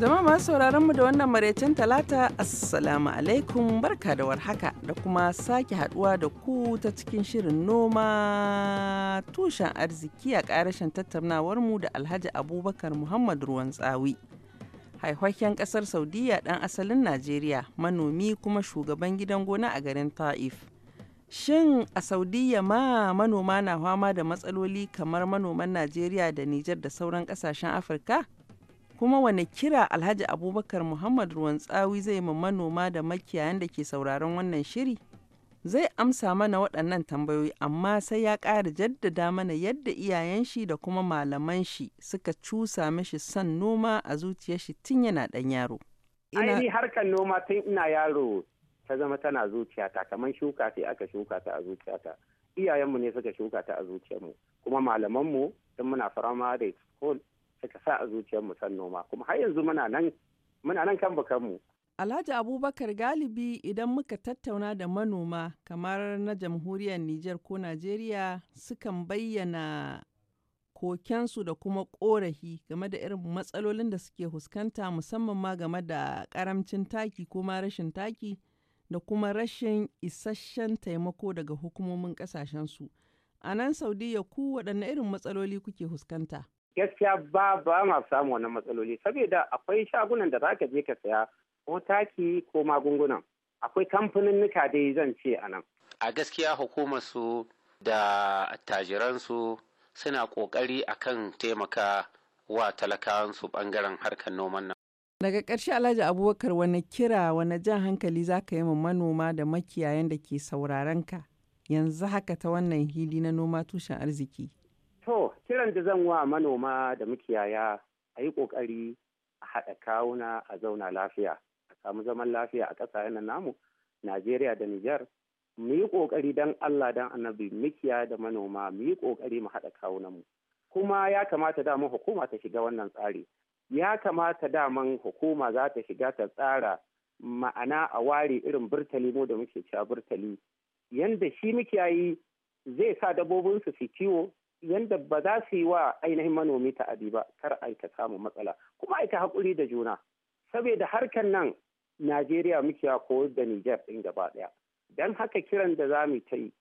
zama masu sauraron mu da wannan maraicin talata assalamu alaikum barka da warhaka da kuma sake haduwa da ku ta cikin shirin noma tushen arziki a karashin tattaunawar mu da Alhaji Abubakar Muhammad Ruwan Tsawi. Haihaken kasar Saudiya dan asalin Najeriya manomi kuma shugaban gidan gona a garin Ta'if. Shin a Saudiya ma manoma na fama da matsaloli kamar manoman Najeriya da Nijar da sauran kasashen Afirka? kuma wane kira alhaji abubakar muhammad ruwan tsawi zai ma manoma da makiyayan da ke sauraron wannan shiri zai amsa mana waɗannan tambayoyi amma sai ya ƙara jaddada mana yadda iyayen shi da kuma malaman shi suka cusa mishi son noma a zuciyar shi tun yana ɗan yaro. Ainihin harkar noma tun ina yaro ta zama tana zuciyata kamar shuka sai aka shuka ta a zuciyata iyayenmu ne suka shuka ta a mu kuma malamanmu tun muna firamare school suka sa a zuciyar mu san noma kuma har yanzu muna nan muna nan kan mu Alhaji Abubakar galibi idan muka tattauna da manoma kamar na jamhuriyar Nijar ko Najeriya sukan bayyana koken su da kuma korafi game da irin matsalolin da suke fuskanta musamman ma game da karamcin taki ko rashin taki da kuma rashin isasshen taimako daga hukumomin kasashensu. A nan Saudiya ku waɗanne irin matsaloli kuke fuskanta. gaskiya ba ba ma samu wannan matsaloli saboda akwai shagunan da za ka je ka saya ko taki ko magunguna akwai kamfanin nuka dai zan ce a nan a gaskiya hukumar su da attajiransu suna kokari akan taimaka wa talakawan su bangaren harkar noman nan daga ƙarshe alhaji abubakar wani kira wani jan hankali za ka yi ma manoma da makiyayan da ke sauraron ka yanzu haka ta wannan hili na noma tushen arziki To, kiran da zan wa manoma da mukiyaya a yi ƙoƙari a haɗa kawuna a zauna lafiya, a samu zaman lafiya a ƙasashen namu, Najeriya da Nijar. Mu yi ƙoƙari don Allah don annabi mukiya da manoma mu yi ƙoƙari mu haɗa mu Kuma ya kamata daman hukuma ta shiga wannan tsari. Ya kamata daman hukuma za ta shiga ta tsara ma'ana a ware irin burtali mu da muke cewa burtali. Yanda shi mukiyayi zai sa dabobinsu su kiwo yadda ba za su yi wa ainihin manomi ta'adi ba kar a samu matsala kuma a aika haƙuri da juna saboda harkar nan najeriya muke a koyar da niger ɗin gaba ɗaya don haka kiran da za mu ta yi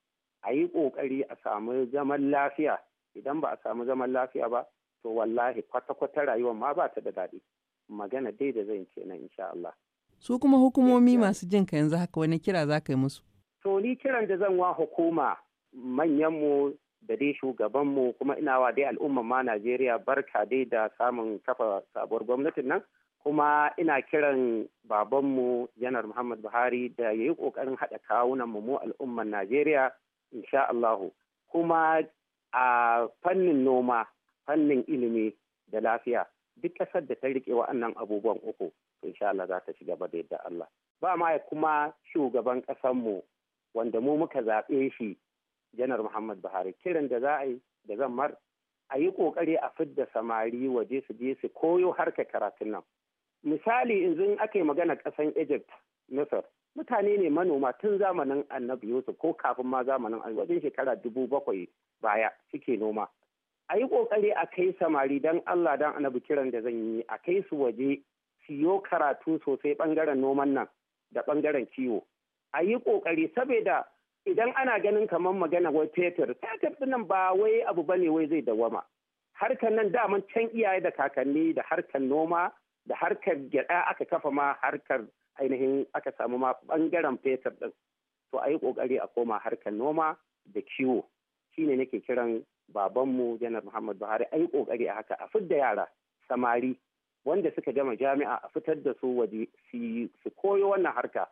a yi ƙoƙari a samu zaman lafiya idan ba a samu zaman lafiya ba to wallahi kwata-kwata rayuwar ma ba ta da daɗi magana dai da zan ce na insha Allah. su kuma hukumomi masu jin ka yanzu haka wani kira za ka yi musu. to ni kiran da zan wa hukuma manyanmu da dai shugabanmu kuma ina wa dai al'umma ma Najeriya barka dai da samun kafa sabuwar gwamnatin nan kuma ina kiran babanmu janar Muhammad Buhari da ya yi ƙoƙarin haɗa kawunan mu mu al'umman Najeriya insha Allahu kuma a fannin noma fannin ilimi da lafiya duk ƙasar da ta riƙe wa'annan abubuwan uku insha Allah za ta ci gaba da yadda Allah ba ma kuma shugaban ƙasarmu wanda mu muka zaɓe shi janar muhammad buhari kiran da za a yi da zan mar a yi kokari a fidda samari waje su je su koyo harkar karatun nan misali yanzu aka yi magana kasan egypt misir mutane ne manoma tun zamanin annabi yusuf ko kafin ma zamanin wajen shekara dubu bakwai baya suke noma a yi kokari a kai samari don allah don annabi kiran da zan yi a kai su waje siyo karatu sosai bangaren noman nan da ɓangaren kiwo a yi kokari saboda idan ana ganin kamar magana wai fetur fetur dinnan ba wai abu bane wai zai dawama harkar nan daman can iyaye da kakanni da harkar noma da harkar gyada aka kafa ma harkar ainihin aka samu ma bangaren fetur din to a yi kokari a koma harkar noma da kiwo shine nake kiran babanmu janar muhammad buhari a yi kokari a haka a fidda yara samari wanda suka gama jami'a a fitar da su waje su koyo wannan harka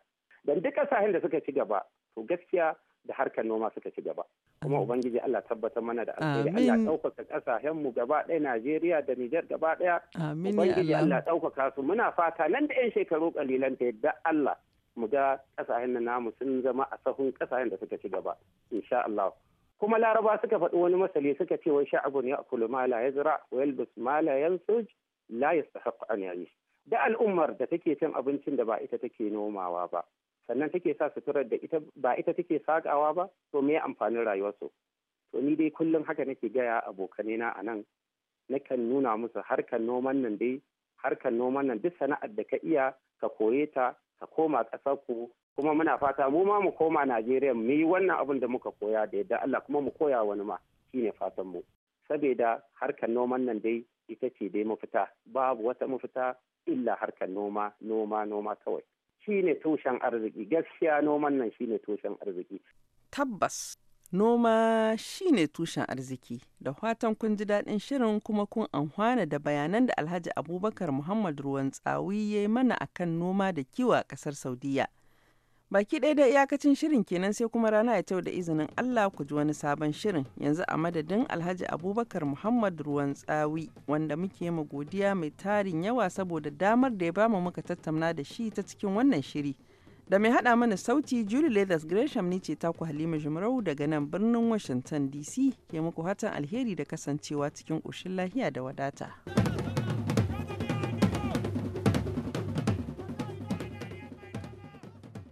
dan duk ƙasashen da suka ci gaba to gaskiya da harkar noma suka ci gaba kuma ubangiji Allah tabbatar mana da alheri Allah ɗaukaka ƙasashen mu gaba ɗaya Najeriya da Nijar gaba ɗaya ubangiji Allah ɗaukaka su muna fata nan da yan shekaru kalilan ta yadda Allah mu ga ƙasashen na namu sun zama a sahun ƙasashen da suka ci gaba insha Allah kuma laraba suka faɗi wani masali suka ce wai sha'abun ya akulu ma la yazra wa yalbus ma la yansuj la yastahiq an ya'ish da al'ummar da take cin abincin da ba ita take nomawa ba sannan take sa suturar da ita ba ita take sakawa ba to me amfanin rayuwarsu to ni dai kullum haka nake gaya abokanai na a nan nakan nuna musu harkar noman nan dai harkar noman nan duk sana'ar da ka iya ka koye ta ka koma ƙasar ku kuma muna fata mu ma mu koma Najeriya mu yi wannan abin da muka koya da yadda Allah kuma mu koya wani ma shine fatan mu saboda harkar noman nan dai ita ce dai mafita babu wata mafita illa harkar noma noma noma kawai shine tushen arziki gaskiya noman nan shine tushen arziki tabbas noma shine tushen arziki da fatan kun ji daɗin shirin kuma kun anhwana da bayanan da alhaji abubakar muhammad ruwan tsawi ya yi mana akan noma da kiwo a ƙasar saudiya Baki ɗaya da iyakacin shirin kenan sai kuma rana ya tau da izinin Allah ku ji wani sabon shirin yanzu a madadin Alhaji Abubakar Muhammad Ruwan Tsawi wanda muke ma godiya mai tarin yawa saboda damar da ya bamu muka tattauna da shi ta cikin wannan shiri. Da mai haɗa mana sauti Julie Leathers Gresham ne ce taku Halima jimrahu daga nan birnin Washington DC ke muku hatan alheri da kasancewa cikin ƙoshin lahiya da wadata.